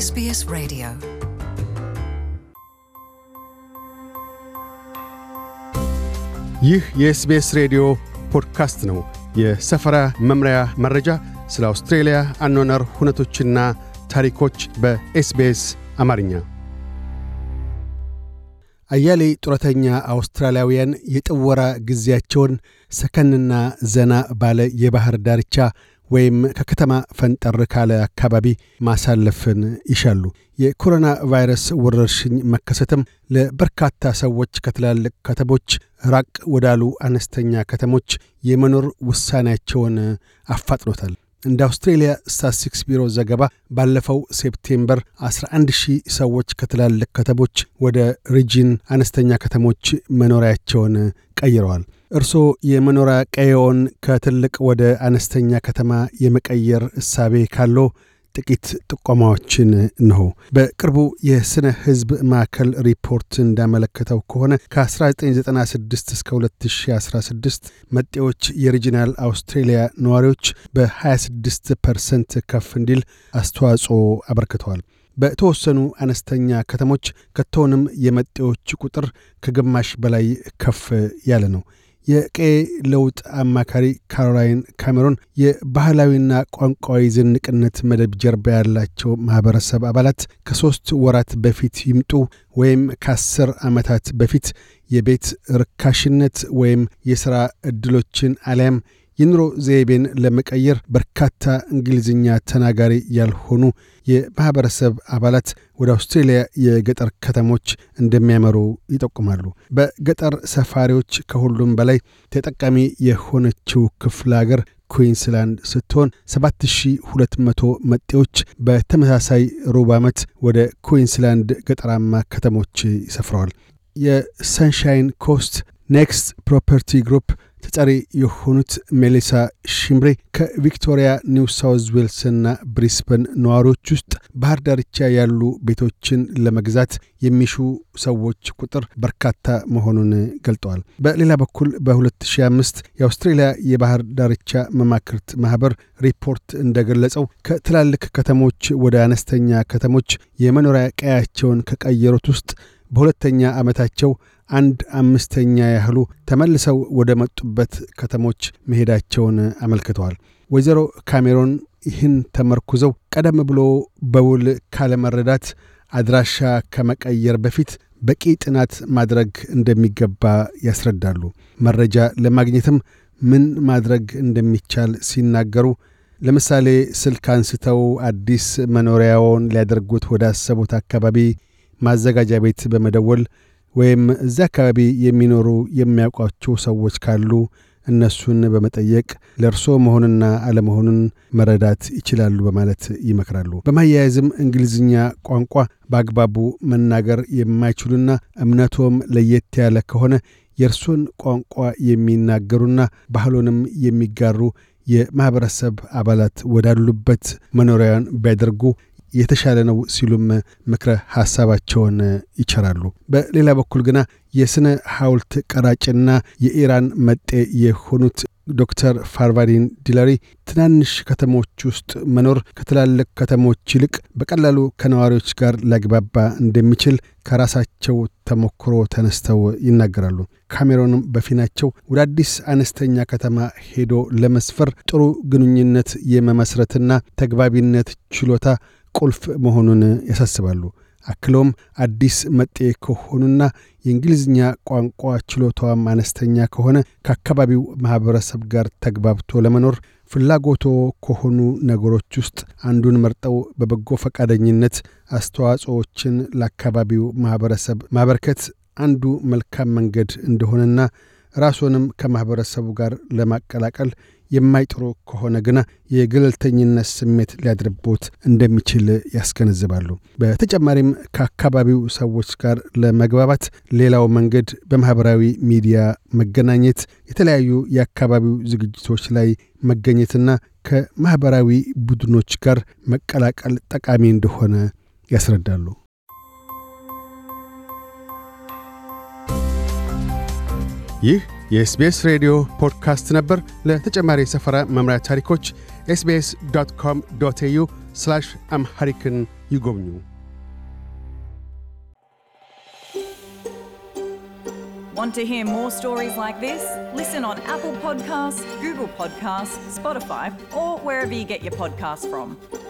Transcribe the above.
SBS Radio ይህ የኤስቢኤስ ሬዲዮ ፖድካስት ነው። የሰፈራ መምሪያ መረጃ፣ ስለ አውስትሬልያ አኗኗር ሁነቶችና ታሪኮች በኤስቢኤስ አማርኛ። አያሌ ጡረተኛ አውስትራሊያውያን የጥወራ ጊዜያቸውን ሰከንና ዘና ባለ የባህር ዳርቻ ወይም ከከተማ ፈንጠር ካለ አካባቢ ማሳለፍን ይሻሉ። የኮሮና ቫይረስ ወረርሽኝ መከሰትም ለበርካታ ሰዎች ከትላልቅ ከተሞች ራቅ ወዳሉ አነስተኛ ከተሞች የመኖር ውሳኔያቸውን አፋጥኖታል። እንደ አውስትሬልያ ስታስቲክስ ቢሮ ዘገባ ባለፈው ሴፕቴምበር 11 ሺህ ሰዎች ከትላልቅ ከተሞች ወደ ሪጂን አነስተኛ ከተሞች መኖሪያቸውን ቀይረዋል። እርስዎ የመኖሪያ ቀየውን ከትልቅ ወደ አነስተኛ ከተማ የመቀየር እሳቤ ካለው ጥቂት ጥቆማዎችን እንሆ። በቅርቡ የስነ ህዝብ ማዕከል ሪፖርት እንዳመለከተው ከሆነ ከ1996 እስከ 2016 መጤዎች የሪጂናል አውስትሬሊያ ነዋሪዎች በ26 ፐርሰንት ከፍ እንዲል አስተዋጽኦ አበርክተዋል። በተወሰኑ አነስተኛ ከተሞች ከቶንም የመጤዎች ቁጥር ከግማሽ በላይ ከፍ ያለ ነው። የቀይ ለውጥ አማካሪ ካሮላይን ካሜሮን የባህላዊና ቋንቋዊ ዝንቅነት መደብ ጀርባ ያላቸው ማኅበረሰብ አባላት ከሦስት ወራት በፊት ይምጡ ወይም ከአስር ዓመታት በፊት የቤት ርካሽነት ወይም የሥራ ዕድሎችን አሊያም የኑሮ ዘይቤን ለመቀየር በርካታ እንግሊዝኛ ተናጋሪ ያልሆኑ የማኅበረሰብ አባላት ወደ አውስትሬልያ የገጠር ከተሞች እንደሚያመሩ ይጠቁማሉ። በገጠር ሰፋሪዎች ከሁሉም በላይ ተጠቃሚ የሆነችው ክፍለ አገር ኩዊንስላንድ ስትሆን 7200 መጤዎች በተመሳሳይ ሩብ ዓመት ወደ ኩዊንስላንድ ገጠራማ ከተሞች ይሰፍረዋል። የሰንሻይን ኮስት ኔክስት ፕሮፐርቲ ግሩፕ ተጠሪ የሆኑት ሜሌሳ ሽምሬ ከቪክቶሪያ ኒው ሳውዝ ዌልስና ብሪስበን ነዋሪዎች ውስጥ ባህር ዳርቻ ያሉ ቤቶችን ለመግዛት የሚሹ ሰዎች ቁጥር በርካታ መሆኑን ገልጠዋል። በሌላ በኩል በ2005 የአውስትሬልያ የባህር ዳርቻ መማክርት ማኅበር ሪፖርት እንደገለጸው ከትላልቅ ከተሞች ወደ አነስተኛ ከተሞች የመኖሪያ ቀያቸውን ከቀየሩት ውስጥ በሁለተኛ ዓመታቸው አንድ አምስተኛ ያህሉ ተመልሰው ወደ መጡበት ከተሞች መሄዳቸውን አመልክተዋል። ወይዘሮ ካሜሮን ይህን ተመርኩዘው ቀደም ብሎ በውል ካለመረዳት አድራሻ ከመቀየር በፊት በቂ ጥናት ማድረግ እንደሚገባ ያስረዳሉ። መረጃ ለማግኘትም ምን ማድረግ እንደሚቻል ሲናገሩ ለምሳሌ ስልክ አንስተው አዲስ መኖሪያውን ሊያደርጉት ወዳሰቡት አካባቢ ማዘጋጃ ቤት በመደወል ወይም እዚያ አካባቢ የሚኖሩ የሚያውቋቸው ሰዎች ካሉ እነሱን በመጠየቅ ለእርሶ መሆንና አለመሆኑን መረዳት ይችላሉ በማለት ይመክራሉ። በማያያዝም እንግሊዝኛ ቋንቋ በአግባቡ መናገር የማይችሉና እምነቶም ለየት ያለ ከሆነ የእርሶን ቋንቋ የሚናገሩና ባህሉንም የሚጋሩ የማኅበረሰብ አባላት ወዳሉበት መኖሪያን ቢያደርጉ የተሻለ ነው ሲሉም ምክረ ሀሳባቸውን ይቸራሉ። በሌላ በኩል ግና የስነ ሐውልት ቀራጭና የኢራን መጤ የሆኑት ዶክተር ፋርቫዲን ዲላሪ ትናንሽ ከተሞች ውስጥ መኖር ከትላልቅ ከተሞች ይልቅ በቀላሉ ከነዋሪዎች ጋር ሊያግባባ እንደሚችል ከራሳቸው ተሞክሮ ተነስተው ይናገራሉ። ካሜሮንም በፊናቸው ወደ አዲስ አነስተኛ ከተማ ሄዶ ለመስፈር ጥሩ ግንኙነት የመመስረትና ተግባቢነት ችሎታ ቁልፍ መሆኑን ያሳስባሉ። አክለውም አዲስ መጤ ከሆኑና የእንግሊዝኛ ቋንቋ ችሎታዋም አነስተኛ ከሆነ ከአካባቢው ማኅበረሰብ ጋር ተግባብቶ ለመኖር ፍላጎቶ ከሆኑ ነገሮች ውስጥ አንዱን መርጠው በበጎ ፈቃደኝነት አስተዋጽዎችን ለአካባቢው ማኅበረሰብ ማበርከት አንዱ መልካም መንገድ እንደሆነና ራስንም ከማኅበረሰቡ ጋር ለማቀላቀል የማይጥሩ ከሆነ ግና የገለልተኝነት ስሜት ሊያድርቦት እንደሚችል ያስገነዝባሉ። በተጨማሪም ከአካባቢው ሰዎች ጋር ለመግባባት ሌላው መንገድ በማኅበራዊ ሚዲያ መገናኘት፣ የተለያዩ የአካባቢው ዝግጅቶች ላይ መገኘትና ከማኅበራዊ ቡድኖች ጋር መቀላቀል ጠቃሚ እንደሆነ ያስረዳሉ። ይህ የኤስቤስ ሬዲዮ ፖድካስት ነበር። ለተጨማሪ የሰፈራ መምሪያ ታሪኮች ኤስቤስ ዶት ኮም ዶት ኤዩ አምሐሪክን ይጎብኙ። Want to hear more stories like this? Listen on Apple Podcasts, Google Podcasts, Spotify, or wherever you get your podcasts from.